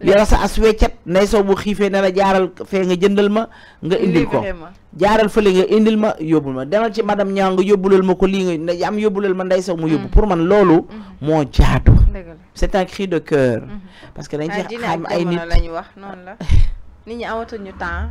li rasa as weccat nay sow bu xiifee ne jaaral fee nga jëndal ma nga indil ko jaaral fële nga indil ma yóbbul ma demal ci madame ñaa nga yóbbulal ma ko lii nga am yóbbulal ma nday sow mu yóbbu mm. pour man loolu mm. moo jaatu c'est un cri de cœur mm-hmm. parce que dañ ah, ci xam ay nit lañu wax noonu la nit ñi amatuñu temps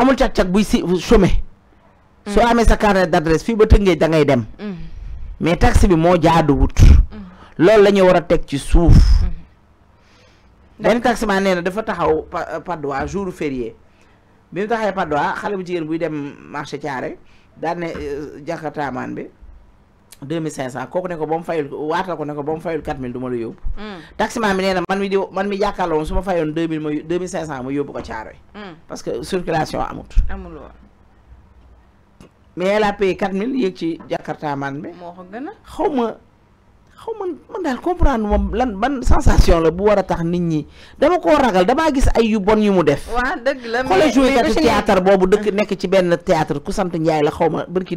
amul cag-cag buy si chômer mm. soo amee sa carte d'adresse fii ba tëngéej da ngay dem mm. mais taxe bi moo jaaduwut mm. loolu la war a teg ci suuf benn taximan nee na dafa taxaw euh, Padois jour férié bi mu taxawee Padois xale bu jigéen buy dem marché Thiaré daan ne euh, bi deux mille cinq cent kooku ne ko ba mu fayul waatal ko ne ko ba mu fayul quatre mille du la yóbbu mm. taximan bi nee man mi di man mi jàkkaarloo su ma fayoon deux mille ma deux ko caaroy mm. parce que circulation amut amul woon mais elle a mil quatre yéeg ci jakarta man bi moo ko gën a xaw ma xaw ma man daal comprendre moom lan ban sensation la bu war a tax nit ñi dama koo ragal damaa gis ay yu bon yu mu def. waaw dëgg la mais xoolal joué katu théâtre boobu dëkk nekk ci benn théâtre ku sant Njaay la xaw ma bërki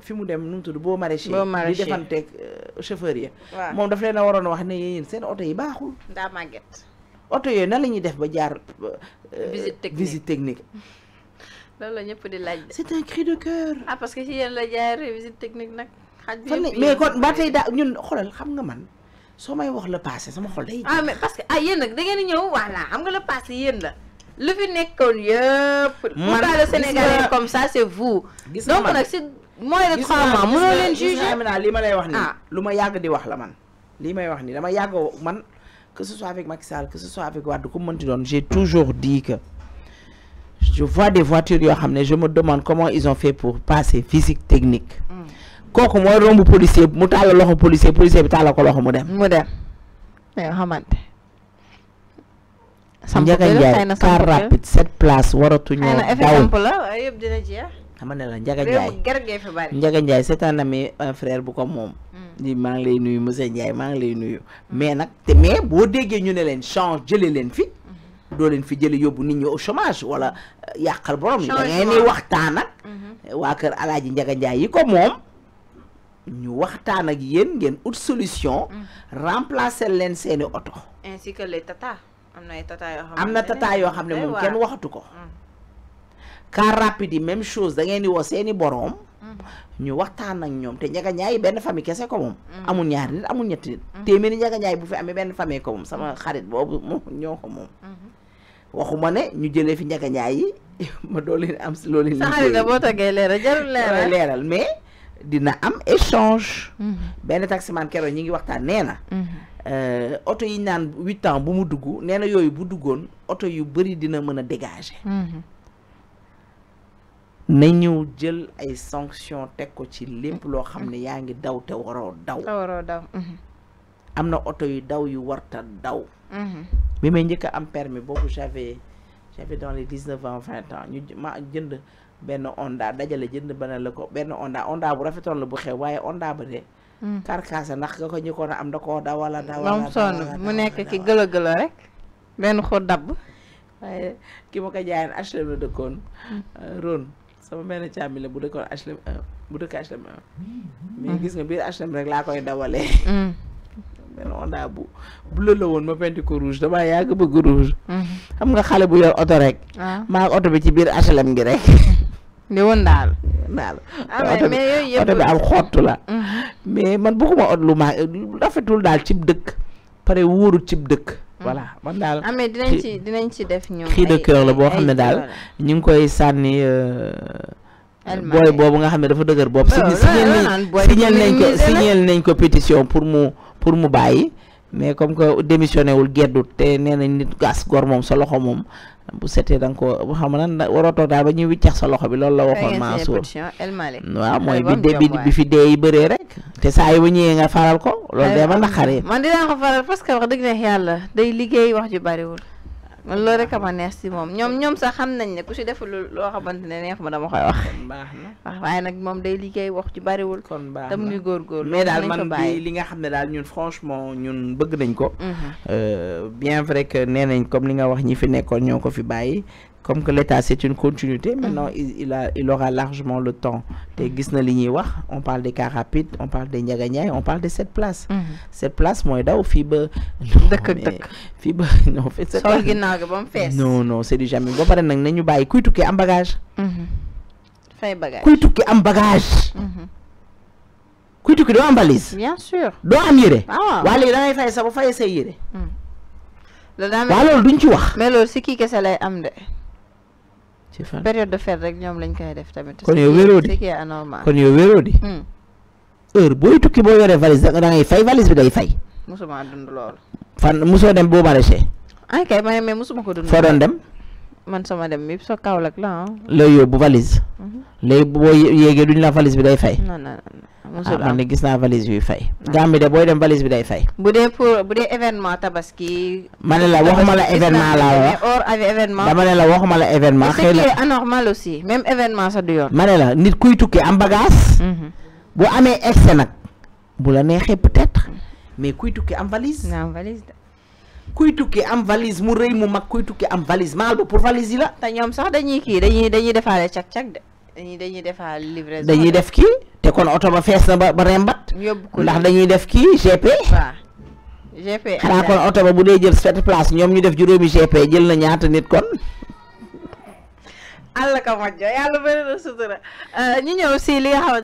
fi mu dem nu mu tudd boo maraîcher. boo maraîcher di defante euh, chauffeur yi. waaw daf leena warone wax ne yéen seen auto yi baaxul. da maguette auto yooyu nan la def ba jaar. Euh, visite technique lolou la ñepp di laaj. c'est un cri de cœur. ah parce que si yéen la jaar visite technique nak xaj mais kon ba tey daa ñun xolal xam nga man soo may wax le passé sama xol day. ah mais parce que ah yéen nag da ngeen ñëw voilà xam nga le passé yéen la. lu fi nekkoon yëpp. man gis nga le Sénégalais comme ça c'est vous. donc nag si moi le trois mois mënoo leen juger naa li ma lay wax ni ah. luma yag di wax la man lii may wax ni dama yàgg man que ce soit avec Macky Sall que ce soit avec Wade ko meunti don j'ai toujours dit que je vois des voitures yo xam je me demande comment ils ont fait pour passer physique technique mm. kooku moy rombu policier mu tal loxo policier policier bi talako loxo mu dem mu dem mais xamante Njaga Njaay car rapide sept places waratuñoo daw yëpp dina jeex xamal ne la Njaga Njaay Njaga Njaay seetaan na mi eh, frère hmm. hmm. bu ko moom di maa ngi lay nuyu monsieur Ndiaye maa ngi lay nuyu mais nag te mais boo déggee ñu ne leen change jële leen fi doo leen fi jële yóbbu nit ñi au chômage wala eh, yàqal borom yi da ngeen ni waxtaan ak waa kër alaaji Njaga Njaay yi ko moom ñu waxtaan ak yéen ngeen ut solution hmm. remplacer leen seeni oto ainsi que les tata am na tata yoo xam ne kenn waxatu ko car rapide yi même chose da ngeen di woo seeni boroom ñu waxtaan ak ñoom te njaga ñaay benn famille kese ko moom mm. amul ñaari nit amul ñetti nit mm. téeméeri njaga ñaay bu fi amee benn famille ko moom sama xarit boobu moom ñoo ko moom mm-hmm. waxuma ne ñu jëlee fi njaga ñaay yi ma doo leen am si loolu sa xarit la boo toggee leeral jarul leeral leeral mais dina am échange mm-hmm. benn taximan keroog ñi ngi waxtaan nee na mm-hmm. euh, oto yi naan huit ans bu mu dugg nee na yooyu bu duggoon oto yu bëri dina mën a dégager na ñëw jël ay sanctions teg ko ci lépp loo xam ne yaa ngi daw te waroo daw mhm. am na oto yu daw yu warta daw mhm. bi may njëkk a am permis boobu j'avais j'avais dans les dix neuf ans vingt ans ñu ma jënd benn Honda dajale jënd bana la ko benn Honda Honda bu rafetoon la bu xew waaye Honda ba de karkaasa mhm. ndax nga ko njëkkoon a am da koo dawala dawala moom sonn mu nekk ki gëla gëla rek benn xur dabb waaye ki ma ko jaayan HLM la dëkkoon Rhône sama benn càmmi bu dëkkoon HLM euh, bu dëkk HLM 1 mm-hmm. mais gis nga biir HLM rek laa koy dawalee benn mm. Honda bu bleu la woon ma penti ko rouge damaa yàgg bëgg rouge mm-hmm. xam nga xale bu yor oto rek ah. maa oto bi ci biir HLM gi rek li woon daal daal ah, oto bi am xottu la mm-hmm. mais man bëgguma ot lu maa rafetul daal cib dëkk pare wóorul cib dëkk voilà man daal. amee ah, dinañ ci dinañ ci def ñu. cri de cœur la boo xam ne daal ñu ngi koy sànni. Euh, booy boobu nga xam ne dafa dëgër bopp. Oh, si signal nañ ko signal nañ ko pétition pour mu pour mu bàyyi mais comme que démissionné wul geddut te nee nañ nit gas gor moom sa loxo moom. bu setee da nga ko xam na waroo toog daal ba ñuy wiccax sa loxo bi loolu la waxoon Mansour waaw mooy bi de bi fi dee yi bëree rek te saa yi ba ñëwee nga faral ko loolu dee ma naqaree man dinaa ko faral parce que wax dëgg neex yàlla day liggéey wax ju bariwul man loolu rek a ma neex si moom ñoom ñoom sax xam nañ ne ku si def loo xamante ne neex ma dama koy wax. baax na waaye nag moom day liggéey wax ci bariwul. kon baax góor te mu daal man bi li nga xam ne daal ñun franchement ñun bëgg nañ ko. Mhm. Euh, bien vrai que nee nañ comme li nga wax ñi fi nekkoon ñoo ko fi bàyyi. comme que l'État, c'est une continuité, ah. maintenant, il, il, a, il, aura largement le temps. Mm. On parle des cas rapides, on parle des Niagagna, on parle de cette place. Mm -hmm. Cette place, moi, là, au fibre, FIBE, non, fait cette Non, non, c'est déjà. Mais bon, par exemple, nous avons dit que en bagage. Mm-hmm. Fait bagage. Kuitu que en bagage. Kuitu que en balise. Bien sûr. Dans en yere. Ah. Wale, là, il faut ça, il faut essayer. Là, là, mais. Mais là, c'est qui que ça l'a amené? ci fan période de fête rek ñoom lañ koy def tamit. kon yow wéeroo di c'est kon yow wéeroo di. Hmm. heure booy tukki boo yoree valise da ngay fay valise bi day fay. musuma dund loolu. fan musoo dem boo maraîcher. ah kay mais musuma ko dund. foo doon dem. man sama dem yëpp soo Kaolack la ah. yo valise. Mhm. duñ la valise bi day non non non ah, man gis na valise fay. valise pour bu événement tabaski. la waxuma la événement wax événement. dama la waxuma la événement. c'est anormal aussi même événement ça du la nit kuy tukki am mhm. bu excès bu la peut-être mais kuy tukki am valise. valise kuy tukki am valise mu rëy mu mag kuy tukki am valise maal ba pour valise yi la. te ñoom sax dañuy kii dañuy dañuy defaale cag cag de dañuy dañuy defaale livraison dañuy def kii te kon oto ba fees na ba ba rembat. ndax dañuy def kii GP. waaw GP. xanaa kon oto ba bu dee jël sept place ñoom ñu def juróomi GP jël na ñaata nit kon. àll ka mojjo yàlla bëri na sutura euh, ñu ñëw si li